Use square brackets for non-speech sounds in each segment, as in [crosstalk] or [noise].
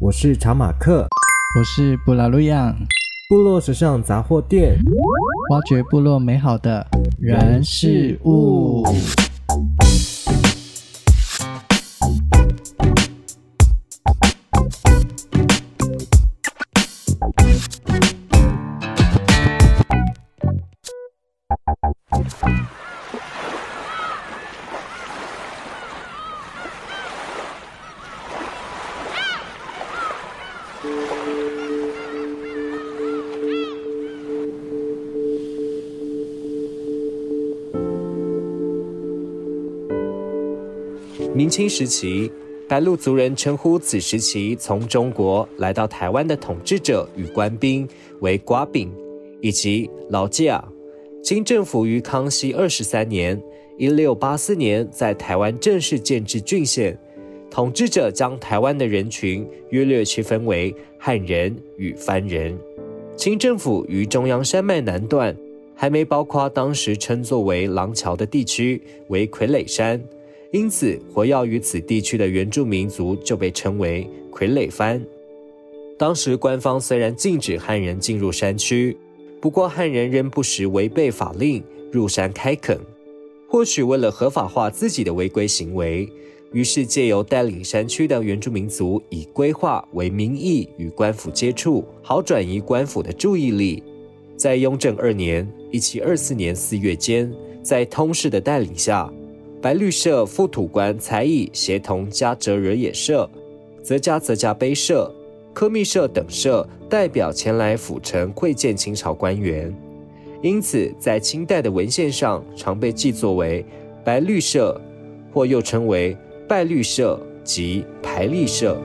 我是查馬克，我是布拉路漾，部落時尚雜貨店，挖掘部落美好的人事物。明清時期，白鹿族人稱呼此時期從中國來到台灣的統治者與官兵為“瓜餅”，以及“老基啊，清政府於康熙二十三年 （1684 年） 16年在台灣正式建制郡縣，統治者將台灣的人群約略區分為漢人與番人。清政府於中央山脈南段，還沒包括當時稱作為“廊橋”的地區為傀儡山。因此，活躍於此地區的原住民族就被稱為傀儡番。當時，官方雖然禁止漢人進入山區，不過漢人仍不時違背法令入山開墾。或許為了合法化自己的違規行為，於是借由帶領山區的原住民族以歸化為名義與官府接觸，好轉移官府的注意力。在雍正二年 （1724 年）四月間，在通事的帶領下。擺律社、副土官、才乙協同加者惹也社、則加則加卑社、柯密社等社代表前來府城會見清朝官員，因此在清代的文獻上常被記作為擺律社，或又稱為拜律社及排力社。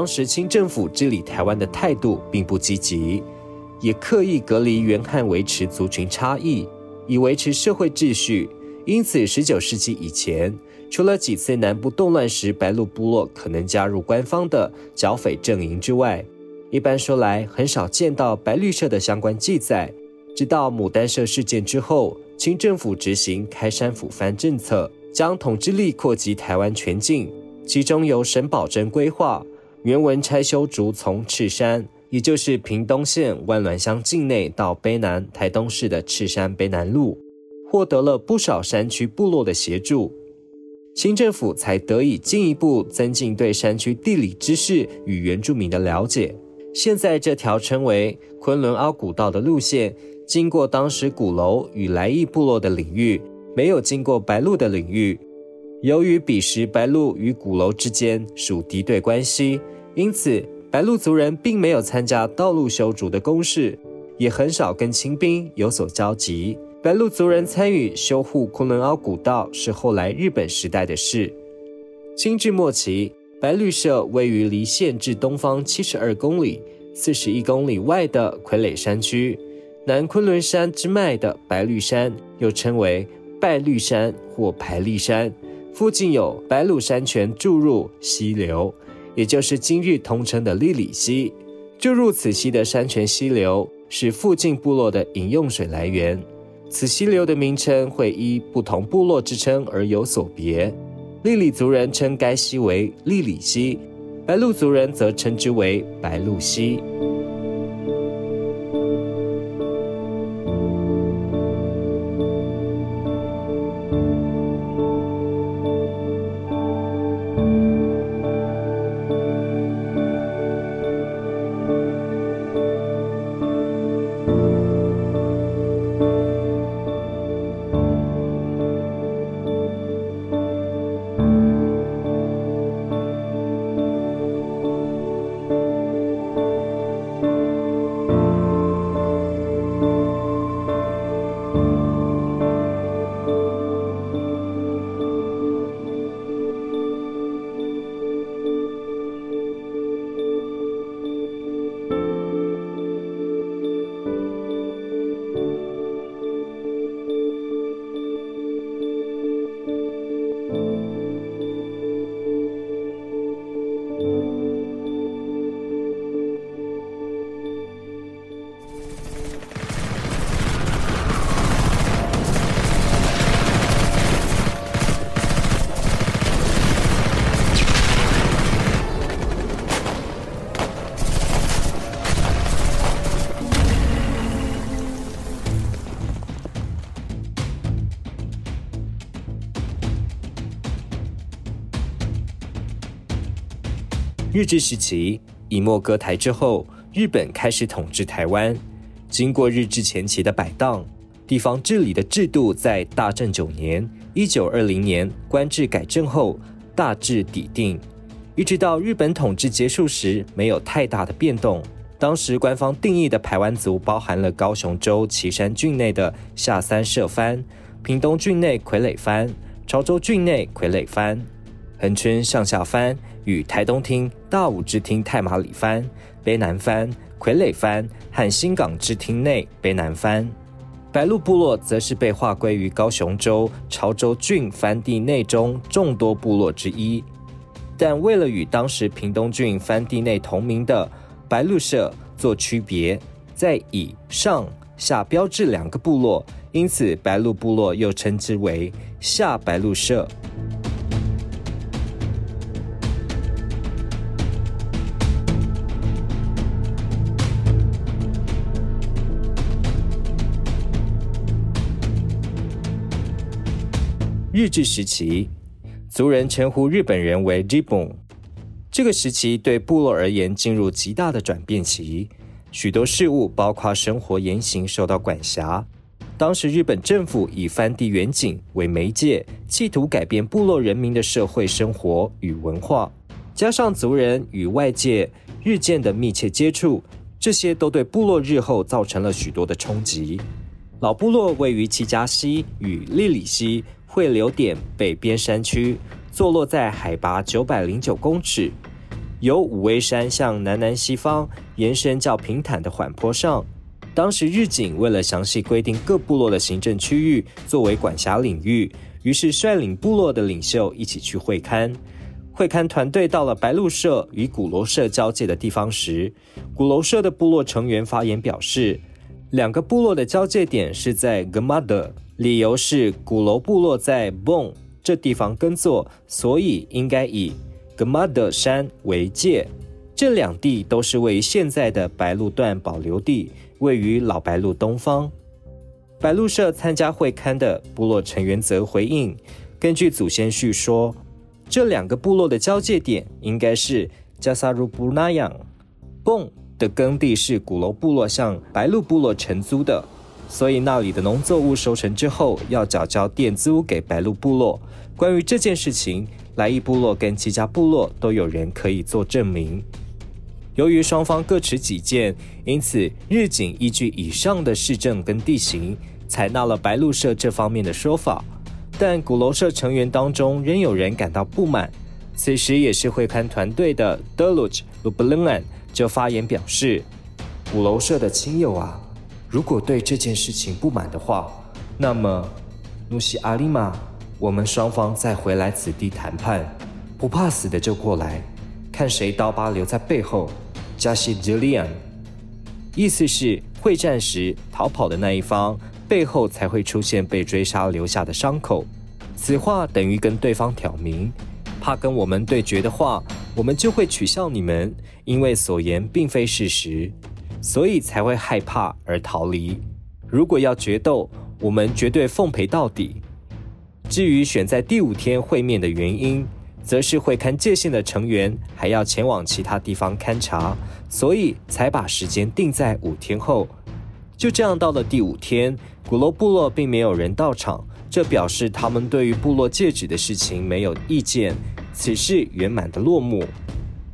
當時清政府治理台灣的態度並不積極，也刻意隔離原漢，維持族群差異，以維持社會秩序。因此，十九世紀以前，除了幾次南部動亂時白鷺部落可能加入官方的剿匪陣營之外，一般說來很少見到擺律社的相關記載。直到牡丹社事件之後，清政府執行開山撫番政策，將統治力擴及台灣全境，其中由沈葆楨規劃。原文拆修築從赤山，也就是屏東縣萬卵鄉境內到卑南、台東市的赤山卑南路，獲得了不少山區部落的協助，清政府才得以進一步增進對山區地理知識與原住民的了解。現在這條稱為“昆崙凹古道”的路線，經過當時古樓與來義部落的領域，沒有經過白鷺的領域。由於彼時白鷺與古樓之間屬敵對關係，因此白鷺族人並沒有參加道路修築的工事，也很少跟清兵有所交集。白鷺族人參與修護崑崙坳古道是後來日本時代的事。清治末期，白鷺社位於離縣治東方七十二公里、四十一公里外的傀儡山區，南昆崙山之脈的白鷺山，又稱為拜律山或排力山。附近有白鷺山泉注入溪流，也就是今日通稱的力里溪。注入此溪的山泉溪流是附近部落的飲用水來源。此溪流的名稱會依不同部落之稱而有所別。力里族人稱該溪為力里溪，白鷺族人則稱之為白鷺溪。日治時期，乙未割台之後，日本開始統治台灣。經過日治前期的擺盪，地方治理的制度在大正九年 （1920 年）官制改正後大致底定，一直到日本統治結束時沒有太大的變動。當時官方定義的排灣族包含了高雄州旗山郡內的下三社蕃、屏東郡內傀儡蕃、潮州郡內傀儡蕃。恆春上下番與臺東廳大武支廳，太麻里番、卑南番、傀儡番和新港支廳內卑南番，白鷺部落則是被劃歸於高雄州潮州郡番地內中眾多部落之一。但為了與當時屏東郡番地內同名的白鷺社做區別，在以上下標誌兩個部落，因此白鷺部落又稱之為下白鷺社。日治時期，族人稱呼日本人為 dripun。這個時期對部落而言，進入極大的轉變期，許多事務，包括生活言行，受到管轄。當時日本政府以蕃地員警為媒介，企圖改變部落人民的社會生活與文化。加上族人與外界日漸的密切接觸，這些都對部落日後造成了許多的衝擊。老部落位於七佳溪與力里溪。匯流點北邊山區，坐落在海拔九百零九公尺，由武威山向南南西方延伸較平坦的緩坡上。當時日警為了詳細規定各部落的行政區域作為管轄領域，於是率領部落的領袖一起去會勘。會勘團隊到了白鷺社與古樓社交界的地方時，古樓社的部落成員發言表示，兩個部落的交界點是在格瑪德。理由是古樓部落在泵這地方耕作，所以應該以格馬德山為界。這兩地都是位於現在的白鷺段保留地，位於老白鷺東方。白鷺社參加會勘的部落成員則回應：根據祖先敘說，這兩個部落的交界點應該是加薩魯布那樣。泵的耕地是古樓部落向白鷺部落承租的。所以那裡的農作物收成之後，要繳交佃租給白鷺部落。關於這件事情，來意部落跟其家部落都有人可以做證明。由於雙方各持己見，因此日警依據以上的事證跟地形，採納了白鷺社這方面的說法。但古樓社成員當中，仍有人感到不滿。此時也是會勘團隊的 Deluge Lublunan 就發言表示：“古樓社的親友啊。”如果對這件事情不滿的話，那麼努西阿里瑪，我們雙方再回來此地談判，不怕死的就過來，看誰刀疤留在背後。加西德利安，意思是會戰時逃跑的那一方背後才會出現被追殺留下的傷口。此話等於跟對方挑明，怕跟我們對決的話，我們就會取笑你們，因為所言並非事實。所以才會害怕而逃離。如果要決鬥，我們絕對奉陪到底。至於選在第五天會面的原因，則是會看界線的成員還要前往其他地方勘察，所以才把時間定在五天後。就這樣到了第五天，古羅部落並沒有人到場，這表示他們對於部落戒指的事情沒有意見。此事圓滿的落幕。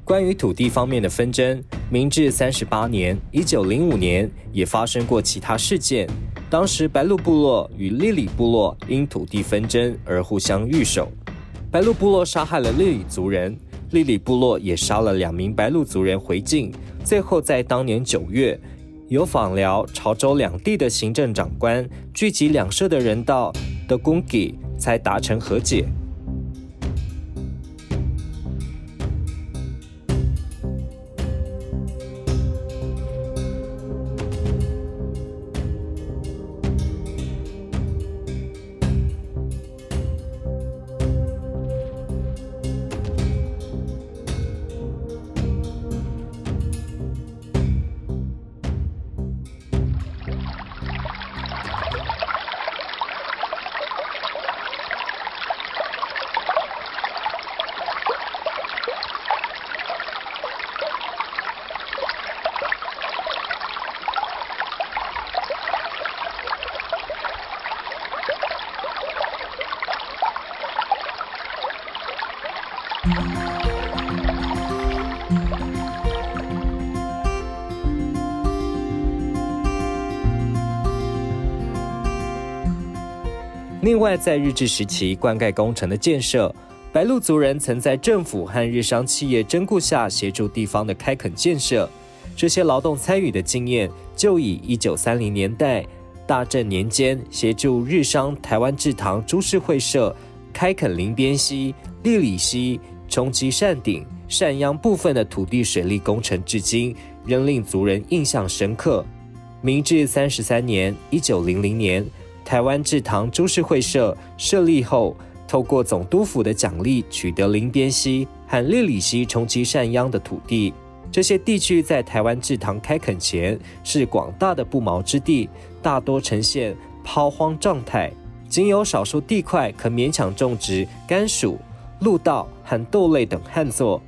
關於土地方面的紛爭，明治三十八年（一九零五年）也發生過其他事件。當時白鷺部落與力里部落因土地紛爭而互相遇手，白鷺部落殺害了力里族人，力里部落也殺了兩名白鷺族人回敬。最後在當年九月，由枋寮、潮州兩地的行政長官聚集兩社的人到的供給，才達成和解。另外，在日治時期灌溉工程的建設，白鷺族人曾在政府和日商企業徵雇下協助地方的開墾建設。這些勞動參與的經驗，就以1930年代大正年間協助日商台灣製糖株式會社開墾林邊溪、力里溪、沖積扇頂、扇央部分的土地水利工程，至今仍令族人印象深刻。明治三十三年，一九零零年）年。台灣製糖株式會社設立後，透過總督府的獎勵，取得林邊溪和力力溪沖積善秧的土地。這些地區在台灣製糖開墾前是廣大的不毛之地，大多呈現拋荒狀態，僅有少數地塊可勉強種植甘薯、陸稻和豆類等旱作。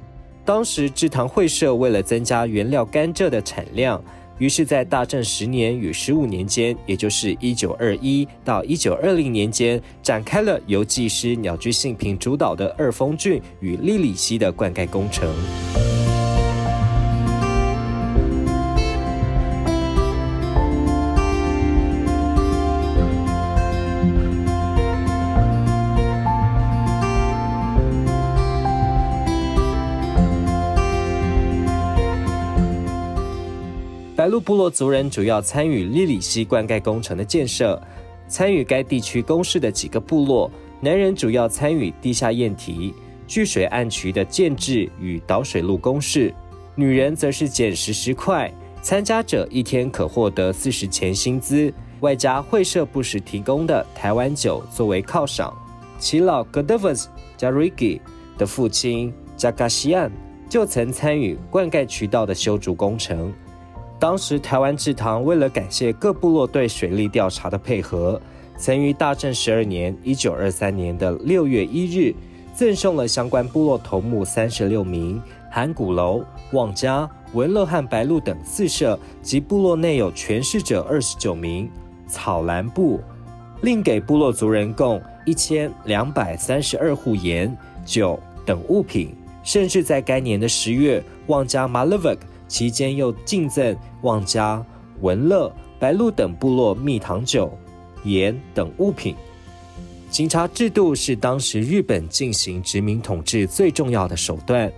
當時製糖會社為了增加原料甘蔗的產量。於是，在大正十年與十五年間，也就是一九二一到一九二零年間，展開了由技師鳥居信平主導的二峰圳與力里溪的灌溉工程。白鷺部落族人主要參與利裡溪灌溉工程的建設，參與該地區工事的幾個部落，男人主要參與地下堰體、聚水暗渠的建制與導水路工事，女人則是撿拾石塊。參加者一天可獲得四十錢薪資，外加會社不時提供的台灣酒作為犒賞。耆老 Godovas Jaregi 的父親 Jagassian 就曾參與灌溉渠道的修築工程。當時台灣製糖為了感謝各部落對水利調查的配合，曾於大正十二年（一九二三年）的六月一日，贈送了相關部落頭目三十六名，含古樓、望家、文樂漢、白鷺等四社及部落內有權勢者二十九名，草蘭布，另給部落族人共一千兩百三十二戶鹽、酒等物品，甚至在該年的十月，望家 Malavag 其間又敬贈望嘉、文樂、白鷺等部落蜜糖酒、鹽等物品。警察制度是當時日本進行殖民統治最重要的手段。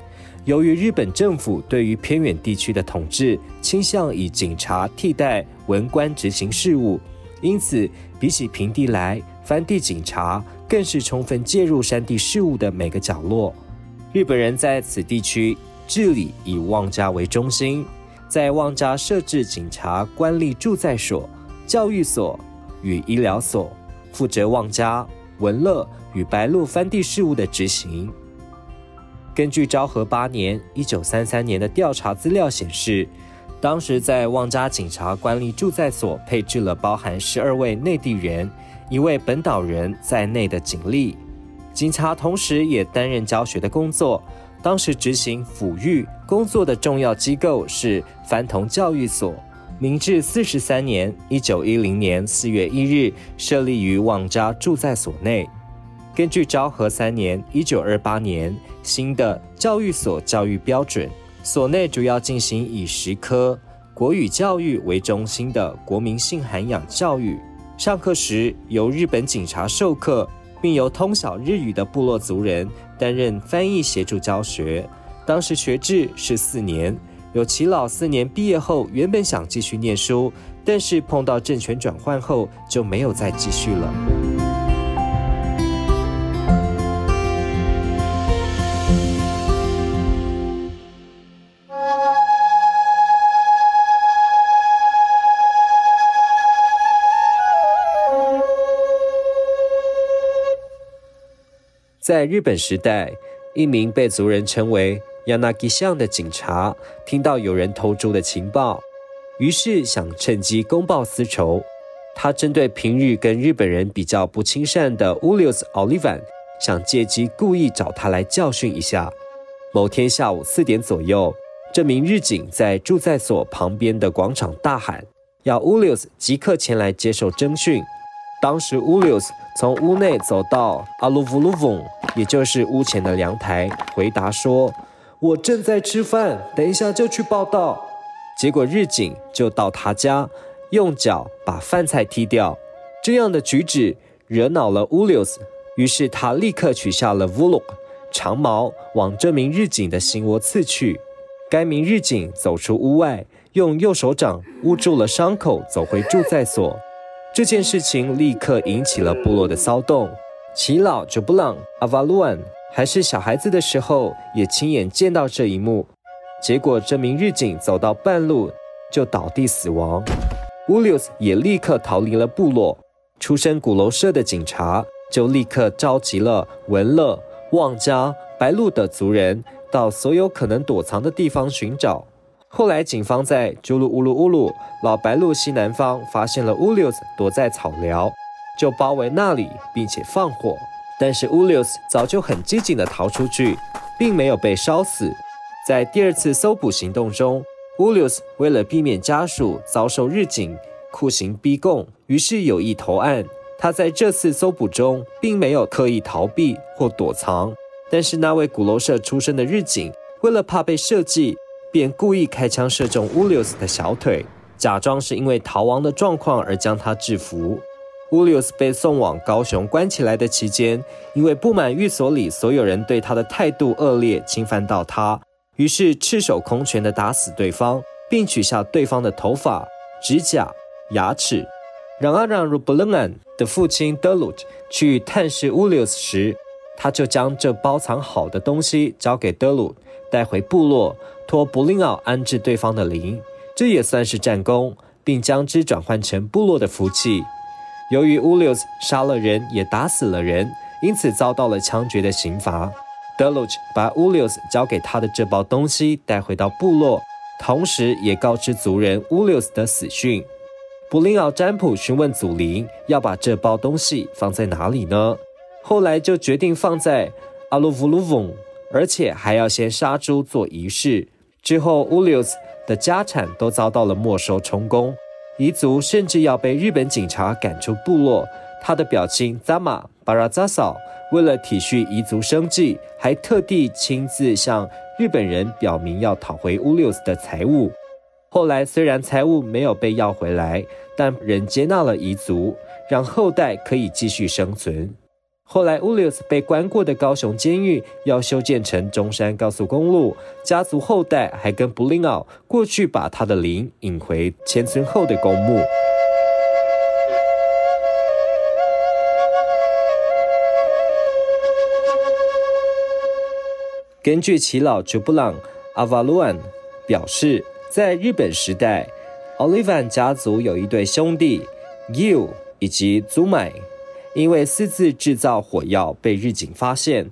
由於日本政府對於偏遠地區的統治傾向以警察替代文官執行事務，因此比起平地來，番地警察更是充分介入山地事務的每個角落。日本人在此地區。治理以望嘉為中心，在望嘉設置警察官吏駐在所、教育所與醫療所，負責望嘉文樂與白鷺蕃地事務的執行。根據昭和八年 （1933 年） 19年的調查資料顯示，當時在望嘉警察官吏駐在所配置了包含十二位內地人、一位本島人在內的警力，警察同時也擔任教學的工作。當時執行撫育工作的重要機構是番童教育所。明治四十三年 （1910 年）四月一日設立於望嘉駐在所內。根據昭和三年 （1928 年）新的教育所教育標準，所內主要進行以實科國語教育為中心的國民性涵養教育。上課時由日本警察授課。並由通曉日語的部落族人擔任翻譯協助教學。當時學制是四年，有齊老四年畢業後原本想繼續念書，但是碰到政權轉換後就沒有再繼續了。在日本時代，一名被族人稱為“亞納吉桑”的警察，聽到有人偷豬的情報，於是想趁機公報私仇。他針對平日跟日本人比較不親善的烏利奧斯·奧利凡，想借機故意找他來教訓一下。某天下午四點左右，這名日警在駐在所旁邊的廣場大喊，要 Ullius 即刻前來接受偵訊。當時烏 l i u s 從屋內走到 a l u v u l u，um，也就是屋前的涼台，回答說：“我正在吃飯，等一下就去報道。”結果，日警就到他家，用腳把飯菜踢掉。這樣的舉止惹惱了烏 l i u s，於是他立刻取下了 v u l k 長矛，往這名日警的心窩刺去。該名日警走出屋外，用右手掌捂住了傷口，走回住在所。這件事情立刻引起了部落的騷動。齊老卓布朗阿瓦盧安還是小孩子的時候，也親眼見到這一幕。結果這名日警走到半路就倒地死亡。烏柳斯也立刻逃離了部落。出身古樓社的警察就立刻召集了文樂、旺加、白鷺的族人，到所有可能躲藏的地方尋找。後來，警方在朱魯烏魯烏魯老白鷺西南方發現了烏柳子躲在草寮，就包圍那裡並且放火。但是烏柳子早就很機警地逃出去，並沒有被燒死。在第二次搜捕行動中，烏柳子為了避免家屬遭受日警酷刑逼供，於是有意投案。他在這次搜捕中並沒有刻意逃避或躲藏，但是那位古樓社出身的日警為了怕被設計。便故意開槍射中烏利斯的小腿，假裝是因為逃亡的狀況而將他制服。烏利斯被送往高雄關起來的期間，因為不滿寓所裡所有人對他的態度惡劣，侵犯到他，於是赤手空拳地打死對方，並取下對方的頭髮、指甲、牙齒。然而，讓如布倫恩的父親德魯去探視烏利斯時，他就將這包藏好的東西交給德魯，帶回部落，托布林奧安置對方的靈，這也算是戰功，並將之轉換成部落的福氣。由於烏利奧斯殺了人，也打死了人，因此遭到了槍決的刑罰。德魯，魯把烏利奧斯交給他的這包東西帶回到部落，同時也告知族人烏利奧斯的死訊。布林奧占卜詢問祖靈，要把這包東西放在哪裡呢？後來就決定放在阿魯弗魯翁，而且還要先殺豬做儀式。之後烏利烏斯的家產都遭到了沒收充公，遺族甚至要被日本警察趕出部落。他的表親扎瑪巴拉扎薩為了體恤遺族生計，還特地親自向日本人表明要討回烏利烏斯的財物。後來雖然財物沒有被要回來，但仍接納了遺族，讓後代可以繼續生存。後來 Ulius 被關過的高雄監獄要修建成中山高速公路，家族後代還跟布林奧過去把他的靈引回遷村後的公墓。根據其老祖布朗阿瓦盧安表示，在日本時代，奧利凡家族有一對兄弟 g i 以及祖美。因為私自製造火藥被日警發現，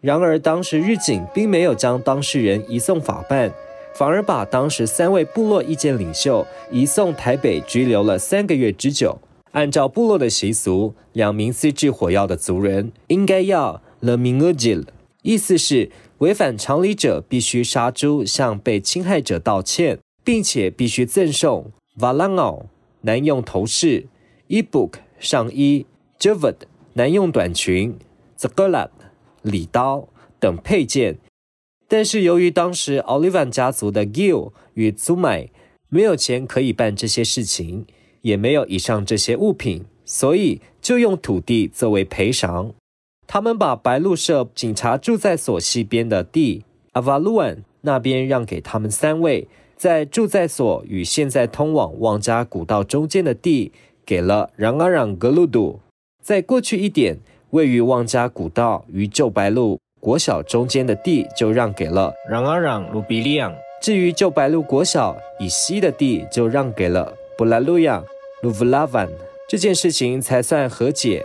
然而當時日警並沒有將當事人移送法辦，反而把當時三位部落意見領袖移送台北拘留了三個月之久。按照部落的習俗，兩名私制火藥的族人 [noise] 應該要了明額吉，意思是違反常理者必須殺豬向被侵害者道歉，並且必須贈送瓦 n o 男用頭飾、 [noise] e b o o k 上衣。j e v a d 男用短裙、z a g a l a 李刀等配件，但是由於當時 Olivan 家族的 Gil 與 Zuma 沒有錢可以辦這些事情，也沒有以上這些物品，所以就用土地作為賠償。他們把白鹿社警察住在所西邊的地 Avalluan 那邊讓給他們三位，在住在所與現在通往旺家古道中間的地給了嚷 a 嚷格魯杜。在過去一點，位於旺加古道與舊白鷺國小中間的地就讓給了讓阿讓盧比利亞，至於舊白鷺國小以西的地就讓給了布拉魯亞盧布拉萬。這件事情才算和解。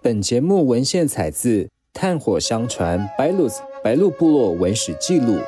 本節目文獻採自《炭火相傳》白鷺。白鷺部落文史記錄。